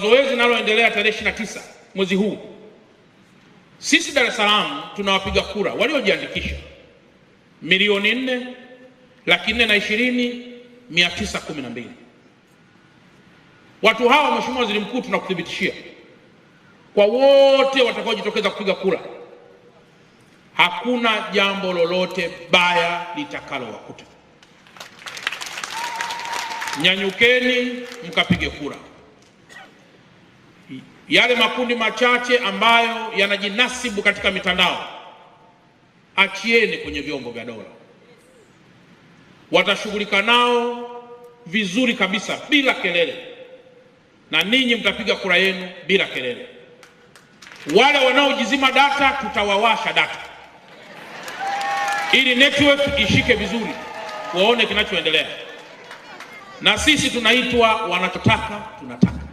Zoezi linaloendelea tarehe 29 mwezi huu, sisi Dar es Salaam tuna wapiga kura waliojiandikisha milioni 4 laki 4 na ishirini mia tisa mbili. Watu hawa, Mheshimiwa Waziri Mkuu, tunakuthibitishia kwa wote watakaojitokeza kupiga kura, hakuna jambo lolote baya litakalowakuta. Nyanyukeni mkapige kura yale makundi machache ambayo yanajinasibu katika mitandao, achieni kwenye vyombo vya dola, watashughulika nao vizuri kabisa bila kelele, na ninyi mtapiga kura yenu bila kelele. Wale wanaojizima data, tutawawasha data ili network ishike vizuri, waone kinachoendelea. Na sisi tunaitwa wanachotaka tunataka.